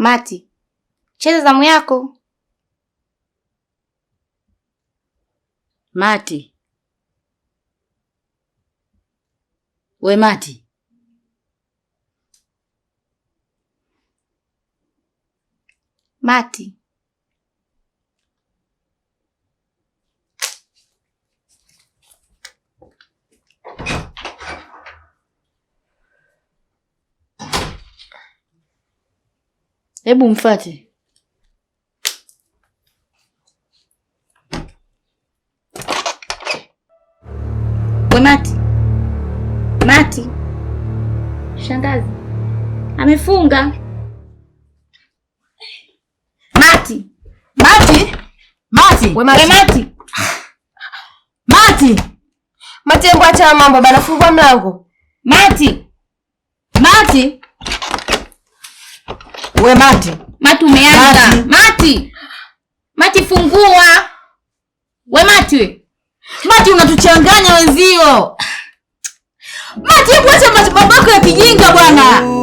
Mati, cheza zamu yako. Mati, we Mati, Mati. Hebu mfate. We Mati, Mati, shangazi amefunga. Mati, Mati, Mati, we Mati, we eh, Mati, Mati, Mati, acha mambo bana, fungua mlango Mati, Mati We Mati, Mati umeanza. Mati. Mati. Mati fungua. We Mati we. Mati unatuchanganya wenzio. Mati hebu acha mambo ya kijinga bwana.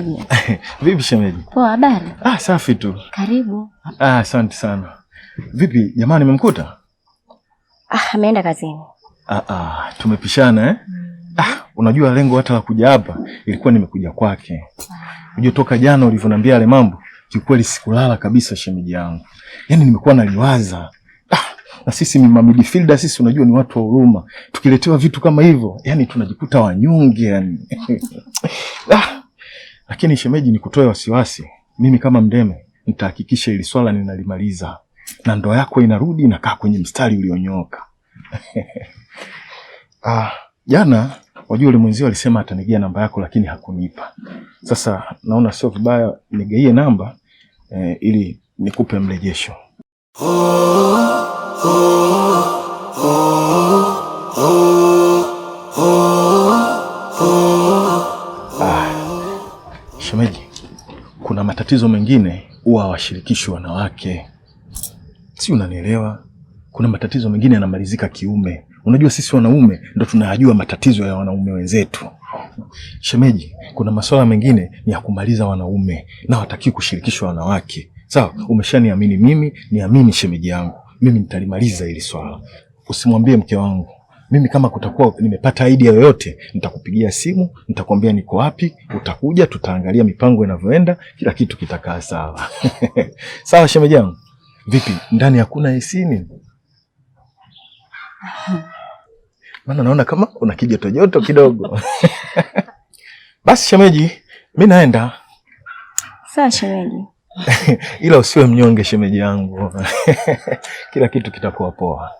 Shemeji. Vipi shemeji? Poa, habari? Ah, safi tu. Karibu. Ah, asante sana. Vipi jamani, nimemkuta? Ah, ameenda kazini. Ah, ah, tumepishana eh? Mm. Ah, unajua lengo hata la kuja hapa ilikuwa nimekuja kwake. Unajua toka jana ulivyoniambia yale mambo, kiukweli sikulala kabisa shemeji yangu. Yaani nimekuwa naliwaza. Ah, na sisi mama midfielder sisi unajua ni watu wa huruma. Tukiletewa vitu kama hivyo, yani tunajikuta wanyonge yani. ah, lakini shemeji, ni kutoe wasiwasi, mimi kama Mdeme nitahakikisha ili swala ninalimaliza na ndoa yako inarudi inakaa kwenye mstari ulionyooka. Ah, jana wajua yule alisema atanigia namba yako lakini hakunipa. Sasa naona sio vibaya nigeie namba eh, ili nikupe mrejesho. Oh, oh. matatizo mengine huwa hawashirikishi wanawake, si unanielewa? Kuna matatizo mengine yanamalizika kiume. Unajua sisi wanaume ndo tunayajua matatizo ya wanaume wenzetu. Shemeji, kuna masuala mengine ni ya kumaliza wanaume na watakiwi kushirikishwa wanawake. Sawa, umeshaniamini mimi, niamini shemeji yangu, mimi nitalimaliza hili swala. Usimwambie mke wangu mimi kama kutakuwa nimepata idea yoyote, nitakupigia simu, nitakwambia niko wapi, utakuja, tutaangalia mipango inavyoenda, kila kitu kitakaa sawa. Sawa shemeji yangu. Vipi, ndani hakuna AC Maana naona kama kuna kijoto joto kidogo. Basi shemeji, mi naenda. Sawa shemeji. Ila usiwe mnyonge shemeji yangu. Kila kitu kitakuwa poa.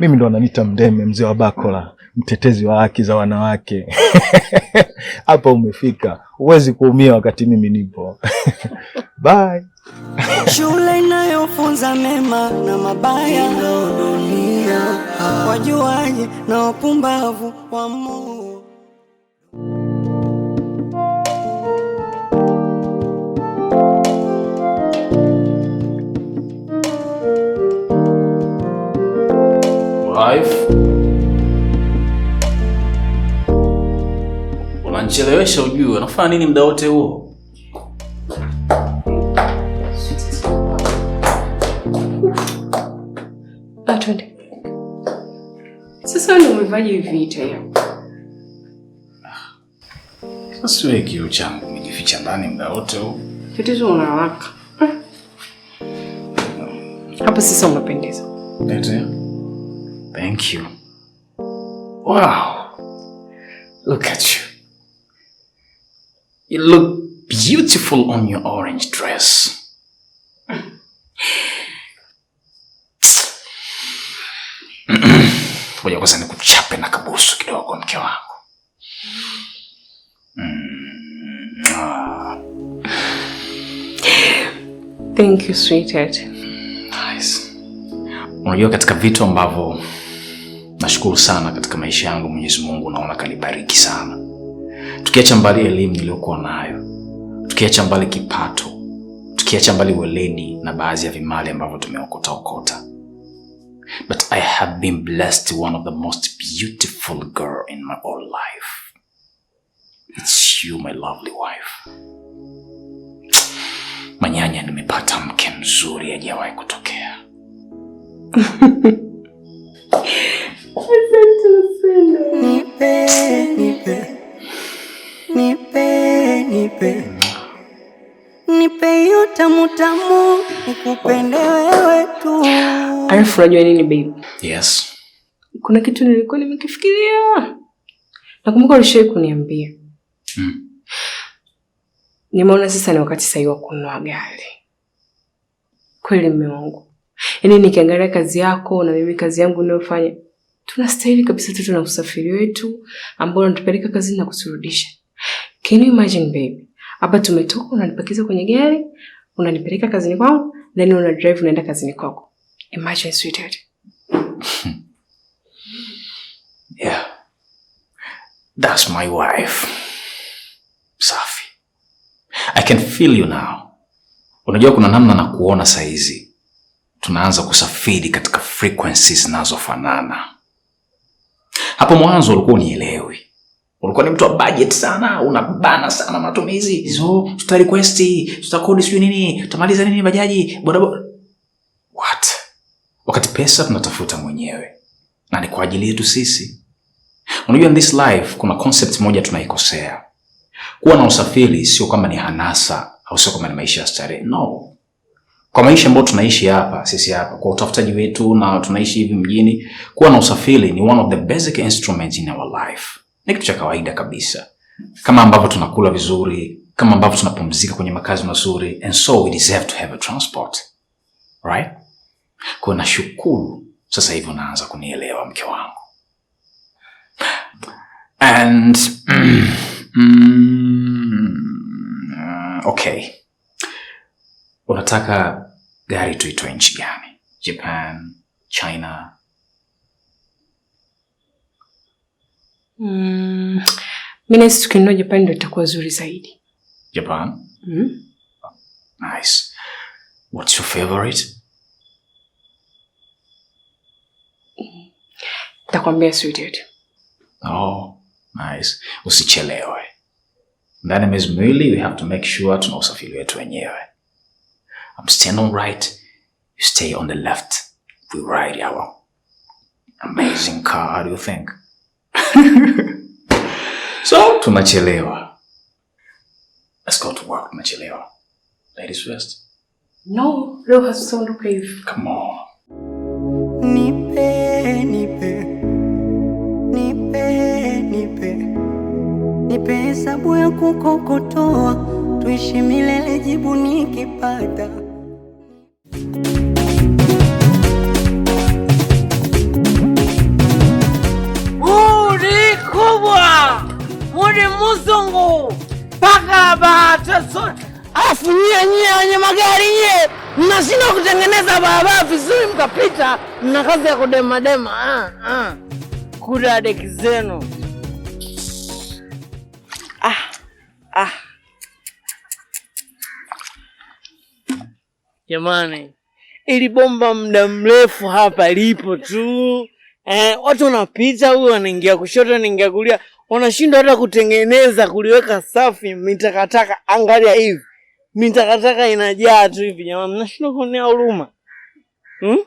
Mimi ndo ananiita Mdeme, mzee wa Bakola, mtetezi wa haki za wanawake hapa umefika, huwezi kuumia wakati mimi nipo bye. Shule inayofunza mema na mabaya, ndo dunia. Wajuaji na wapumbavu wa Mungu. kuchelewesha ujue unafanya nini muda wote huo? Ah, sasa wewe umevaje vita hiyo? Sasa wewe kioo changu umejificha ndani muda wote huo. Tatizo unawaka. Eh. Hapa sasa unapendeza. Thank you. Wow. Look at you. You look beautiful on your orange dress. Ngoja kwanza nikuchape na kabusu kidogo mke wangu. Thank you sweetheart. Nice. Unajua katika vitu ambavyo nashukuru sana katika maisha yangu Mwenyezi Mungu naona kanibariki sana tukiacha mbali elimu niliyokuwa nayo, tukiacha mbali kipato, tukiacha mbali weledi na baadhi ya vimali ambavyo tumeokota okota, but I have been blessed one of the most beautiful girl in my whole life. It's you my lovely wife. Manyanya, nimepata mke mzuri hajawahi kutokea. Nipe, nipe nipe, nipe, nipe hiyo tamu tamu, nikupende wewe tu. Alafu unajua nini baby? Yes. Kuna kitu nilikuwa nimekifikiria, nakumbuka ulishawahi kuniambia mm. Nimeona sasa ni wakati sahihi wa kununua gari. Kweli mume wangu, yaani nikiangalia kazi yako na mimi kazi yangu ninayofanya tunastahili kabisa tutu na usafiri wetu ambao unatupeleka kazini na kuturudisha. Can you imagine babe? Hapa tumetoka unanipakiza kwenye gari, unanipeleka kazini kwangu, then una drive unaenda kazini kwako. Imagine sweetheart. Yeah. That's my wife. Safi. I can feel you now. Unajua kuna namna na kuona saizi. Tunaanza kusafiri katika frequencies zinazofanana. Hapo mwanzo ulikuwa unielewi. Ulikuwa ni mtu wa budget sana, unabana sana matumizi. Hizo tuta request, tuta tutakodi sio nini, tutamaliza nini bajaji, boda What? Wakati pesa tunatafuta mwenyewe. Na ni kwa ajili yetu sisi. Unajua in this life kuna concept moja tunaikosea. Kuwa na usafiri sio kama ni hanasa au sio kama ni maisha ya starehe. No. Kwa maisha ambayo tunaishi hapa sisi hapa kwa utafutaji wetu na tunaishi hivi mjini, kuwa na usafiri ni one of the basic instruments in our life ni kitu cha kawaida kabisa, kama ambavyo tunakula vizuri, kama ambavyo tunapumzika kwenye makazi mazuri, and so we deserve to have a transport right. Kwa nashukuru sasa hivi unaanza kunielewa mke wangu and mm, mm, okay, unataka gari tuitoe nchi gani? Japan, China Mm, mimi sisi tukinunua Japan ndio itakuwa zuri zaidi. Japan? Mm. Nice. What's your favorite? Nitakwambia sweetheart. Oh, nice. Usichelewe. Ndani ya miezi miwili we have to make sure tuna usafiri wetu wenyewe. I'm standing on right, you stay on the left. We ride our amazing car, how do you think? so tunachelewa. Let's go to work. Tunachelewa. Ladies first. No, leo has so no hivi. Come on. Nipe, nipe. Nipe, nipe. Nipe hesabu ya kukokotoa tuishi milele, jibu nikipata Uli muzungu mpaka bahati zote. nyie nyie wenye magari nyie mnashindwa kutengeneza barabara vizuri, mkapita mna kazi ya kudemadema ah, ah. Kula deki zenu ah, ah. Jamani, ili bomba muda mrefu hapa lipo tu eh, watu wanapita, huyu anaingia kushoto, ningia kulia wanashindwa hata kutengeneza kuliweka safi. Mitakataka angalia hivi, mitakataka inajaa tu hivi. Jamani, mnashindwa kuonea huruma hmm?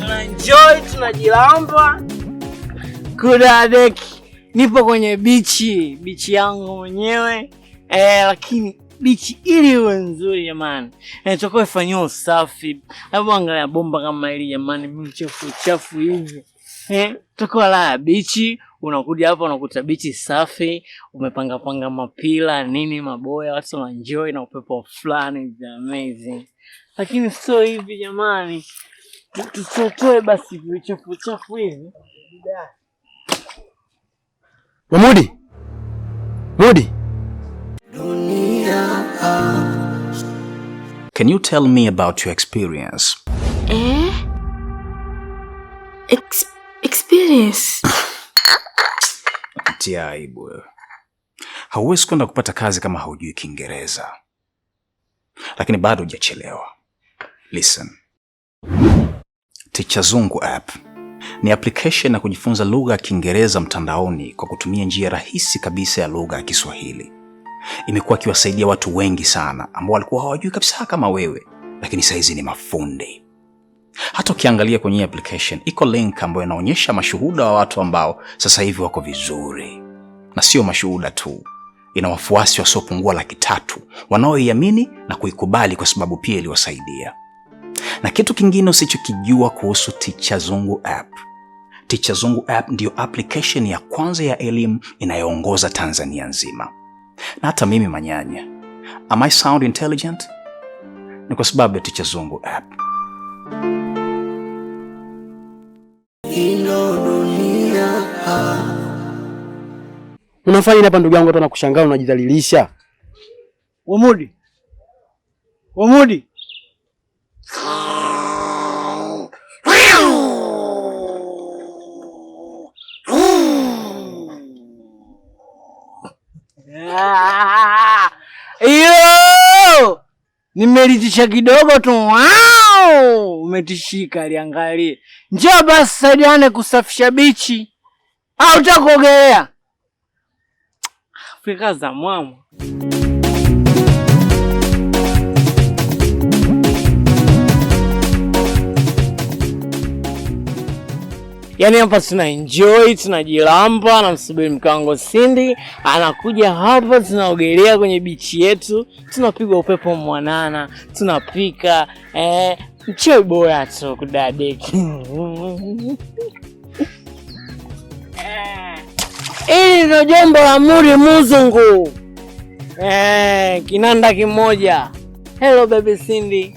Tunaenjoy, tunajilamba kudadeki. Nipo kwenye bichi bichi yangu mwenyewe eh, lakini Bichi ili iwe nzuri jamani, inatakiwa ifanyiwe usafi. Hebu angalia bomba kama hili jamani, mchafu chafu hivi eh, tutakuwa la bichi. Unakuja hapa unakuta bichi safi, umepangapanga mapila nini, maboya, watu enjoy na upepo fulani amazing, lakini sio hivi jamani, tusotoe basi vichafu chafu hivi. Mamudi, Mamudi. Can you tell me about your experience? Eh? Ex experience? Tia aibu Hauwezi kwenda kupata kazi kama haujui Kiingereza, lakini bado hujachelewa. Listen. Ticha Zungu app ni application ya kujifunza lugha ya Kiingereza mtandaoni kwa kutumia njia rahisi kabisa ya lugha ya Kiswahili imekuwa ikiwasaidia watu wengi sana ambao walikuwa hawajui kabisa kama wewe, lakini sahizi ni mafundi. Hata ukiangalia kwenye hii application iko link ambayo inaonyesha mashuhuda wa watu ambao sasa hivi wako vizuri, na sio mashuhuda tu, ina wafuasi wasiopungua laki tatu wanaoiamini na kuikubali kwa sababu pia iliwasaidia. Na kitu kingine usichokijua kuhusu Ticha Zungu app Ticha Zungu app ndiyo application ya kwanza ya elimu inayoongoza Tanzania nzima na hata mimi manyanya. Am I sound intelligent? Ni kwa sababu ya Ticha Zungu app. Unafanya hapa ndugu yangu, hata nakushangaa, unajidhalilisha. Wamudi, Wamudi. Iyo nimelitisha kidogo tu. Wow! Umetishika, liangalie. Njoo basi saidiane kusafisha bichi au utakuogelea? Afrika za mwamu Yaani hapa tunaenjoy, tunajilamba na msubiri mkango Sindi anakuja hapa, tunaogelea kwenye bichi yetu, tunapigwa upepo mwanana, tunapika eh, mchoi bora tu kudadeki ili ndio jombo la muri muzungu eh, kinanda kimoja. Hello baby Cindy,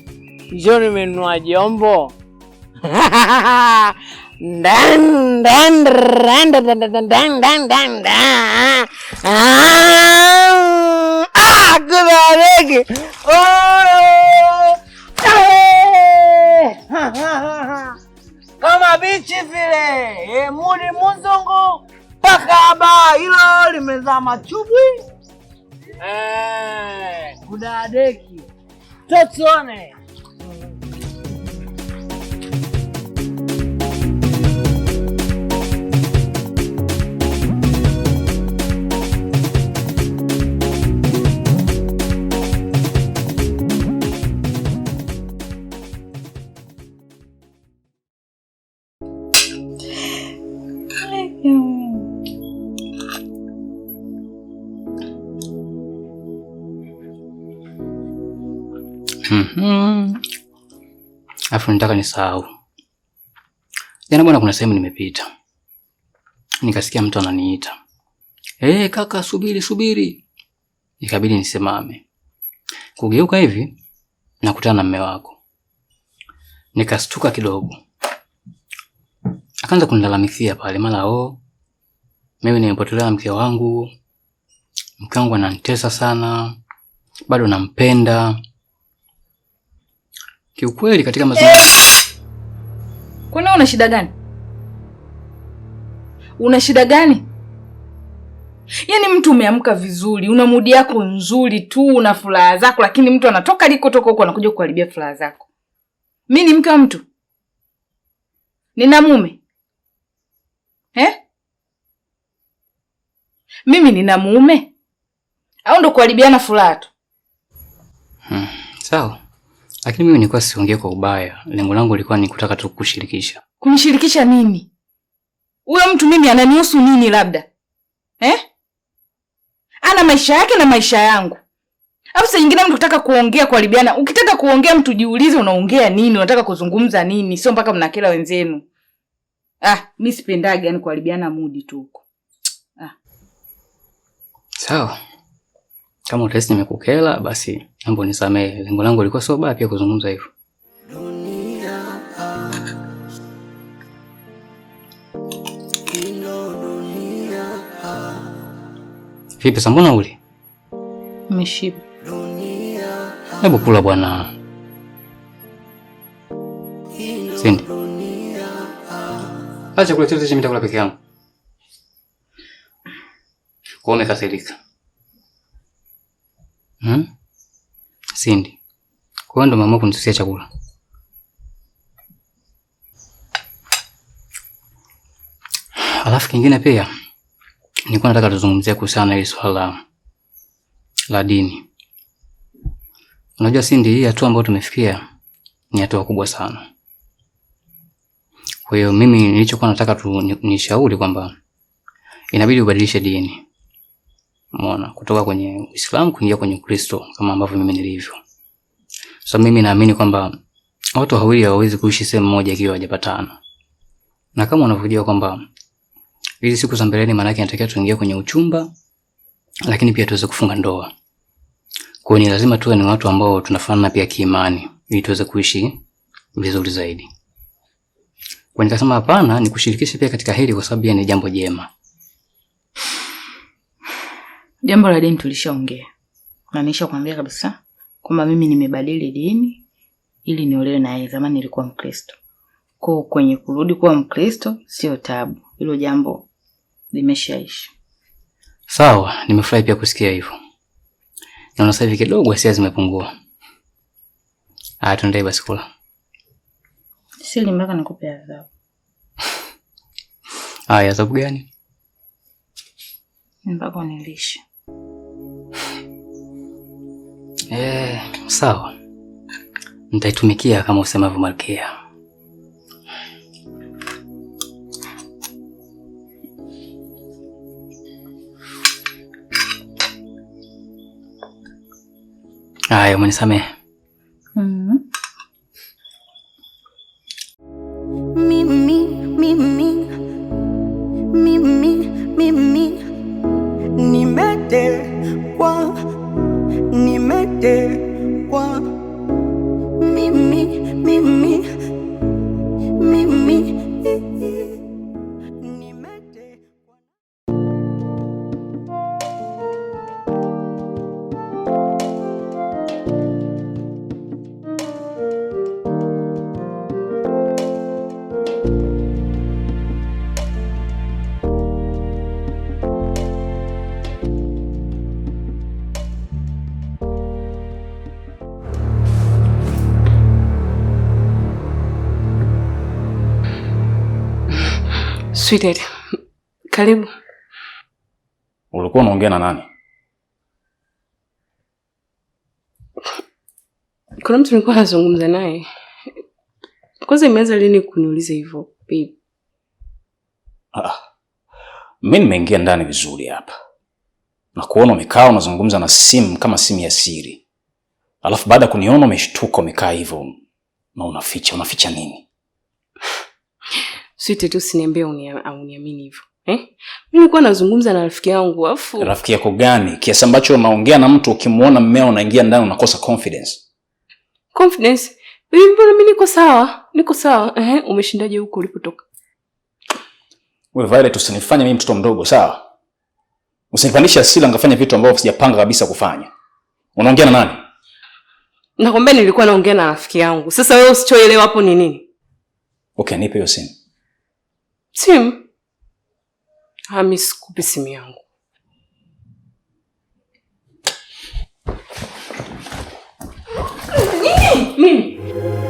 njoni menua jombo Oh. Eh. kama bichi vile eh, muli muzungu pakaba hilo limezaa machubwi eh, kudadeki totsone nataka nisahau. Jana bwana, kuna sehemu nimepita nikasikia mtu ananiita, hey, eh, kaka subiri subiri, ikabidi nisimame kugeuka hivi nakutana na mme wako, nikastuka kidogo. Akaanza kunilalamikia pale mara, oh, mimi nimepotelea mke wangu, mke wangu ananitesa sana, bado nampenda Kiukweli katika eh. mazungumzo. Kwani una shida gani? Una shida gani? Yaani mtu umeamka vizuri, una mudi yako nzuri tu, una furaha zako, lakini mtu anatoka alikotoka huko anakuja kuharibia furaha zako. Mi ni mke wa mtu, nina mume eh? Mimi nina mume au ndo kuharibiana furaha tu? Hmm, sawa lakini mimi nilikuwa siongee kwa ubaya, lengo langu lilikuwa ni kutaka tu kushirikisha Kunishirikisha nini? Huyo mtu mimi ananihusu nini? Labda eh? Ana maisha yake na maisha yangu. Alafu saa nyingine mtu kutaka kuongea kuharibiana. Ukitaka kuongea mtu jiulize, unaongea nini? Unataka kuzungumza nini? Sio mpaka mnakela wenzenu. Ah, mimi sipendagi yani kuharibiana mudi tu huko. Ah, sawa. Kama utahisi nimekukela, basi naomba unisamehe. Lengo langu lilikuwa sio baya pia kuzungumza hivyo. Vipi sasa, uli umeshiba? Hebu kula bwana. Sindi, acha kula chote cha mimi, nitakula peke yangu. Kwa umekasirika Hmm? Sindi. Kwa hiyo ndo mama kunisusia chakula. Alafu kingine pia nilikuwa nataka tuzungumzie kuhusiana na hili swala la dini. Unajua Sindi, hii hatua ambayo tumefikia ni hatua kubwa sana. Kwa hiyo mimi nilichokuwa nataka tu nishauri kwamba inabidi ubadilishe dini. Umeona, kutoka kwenye Uislamu kuingia kwenye Ukristo kama ambavyo mimi nilivyo. So mimi naamini kwamba watu wawili hawawezi kuishi sehemu moja ikiwa hawajapatana. Na kama unavyojua kwamba hizi siku za mbeleni, maana yake inatakiwa tuingie kwenye uchumba, lakini pia tuweze kufunga ndoa. Kwa hiyo ni lazima tuwe ni watu ambao tunafanana pia kiimani ili tuweze kuishi vizuri zaidi. Kwa nikasema hapana, nikushirikishe pia katika hili kwa sababu ni jambo jema. Jambo la dini tulishaongea na nishakwambia kabisa kwamba mimi nimebadili dini ili niolewe na yeye. Zamani nilikuwa Mkristo, kwa kwenye kurudi kuwa Mkristo sio tabu, hilo jambo limeshaisha. Sawa, nimefurahi pia kusikia hivyo. Naona sasa hivi kidogo hisia zimepungua. Ah, tuendelee basi kula. Sili mpaka nikupe adhabu. Aya, adhabu gani? Mpaka nilishe. Eh, sawa, nitaitumikia kama usemavyo Malkia. Haya, umenisamehe. Sweetheart, karibu. Ulikuwa unaongea na nani? Kuna mtu nilikuwa nazungumza naye. Kwanza imeanza lini kuniuliza hivyo babe? Ah, mi nimeingia ndani vizuri hapa na kuona umekaa unazungumza na simu kama simu ya siri, alafu baada ya kuniona umeshtuka umekaa hivyo na unaficha. Unaficha nini? Sita tu usiniambie uniamini hivyo. Eh? Mimi nilikuwa nazungumza na rafiki yangu afu. Rafiki yako gani? Kiasi ambacho unaongea na mtu ukimuona mmea unaingia ndani unakosa confidence. Confidence? Mbona mimi niko sawa? Niko sawa. Eh, umeshindaje huko ulipotoka? Wewe Violet usinifanye mimi mtoto mdogo, sawa? Usinipandishe hasira ngafanya vitu ambavyo sijapanga kabisa kufanya. Unaongea na nani? Nakwambia nilikuwa naongea na rafiki yangu. Sasa wewe usichoelewa hapo ni nini? Okay, nipe hiyo simu. Simu Ami, ah, sikupi simu yangu. Nini? Mimi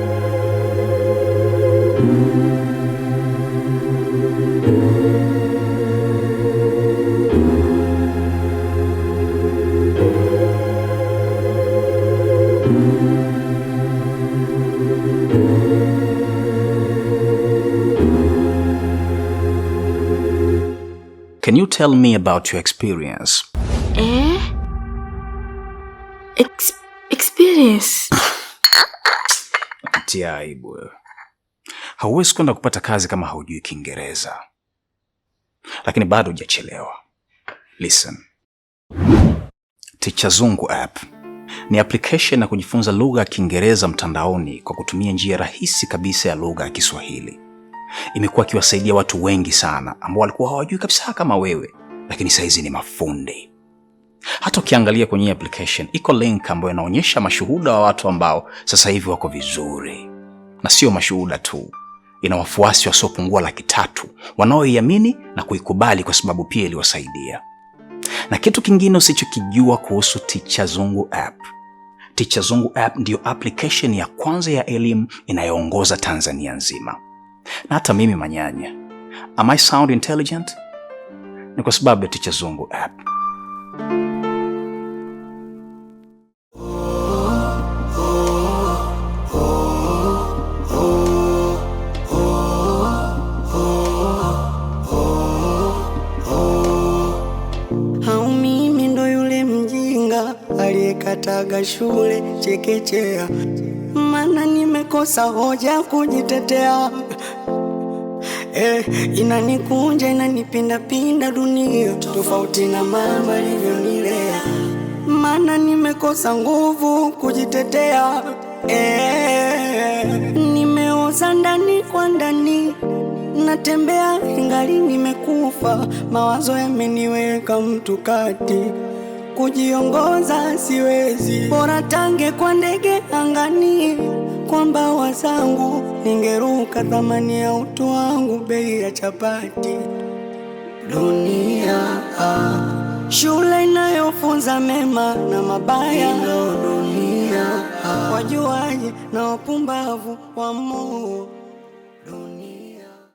Can you tell me about your experience? Eh? Ex experience? Tia aibu wewe. Hauwezi kwenda kupata kazi kama haujui Kiingereza. Lakini bado hujachelewa. Listen. Ticha Zungu app ni application ya kujifunza lugha ya Kiingereza mtandaoni kwa kutumia njia rahisi kabisa ya lugha ya Kiswahili imekuwa ikiwasaidia watu wengi sana ambao walikuwa hawajui kabisa kama wewe, lakini sahizi ni mafundi. Hata ukiangalia kwenye application iko link ambayo inaonyesha mashuhuda wa watu ambao sasa hivi wako vizuri, na sio mashuhuda tu, ina wafuasi wasiopungua laki tatu wanaoiamini na kuikubali kwa sababu pia iliwasaidia. Na kitu kingine usichokijua kuhusu Ticha Zungu app, Ticha Zungu app ndiyo application ya kwanza ya elimu inayoongoza Tanzania nzima na hata mimi manyanya. Am I sound intelligent? Ni kwa sababu ya Ticha Zungu app. Kataga shule chekechea, mana nimekosa hoja kujitetea eh, inanikunja inanipindapinda dunia tofauti na mama alivyonilea, maana nimekosa nguvu kujitetea eh, nimeoza ndani kwa ndani natembea ingali nimekufa, mawazo yameniweka mtu kati, kujiongoza siwezi, bora tange kwa ndege angani, kwa mbawa zangu ningeruka thamani ya utu wangu, bei ya chapati dunia. Ah. shule inayofunza mema na mabaya dunia. Ah. wajuaji na wapumbavu wa moo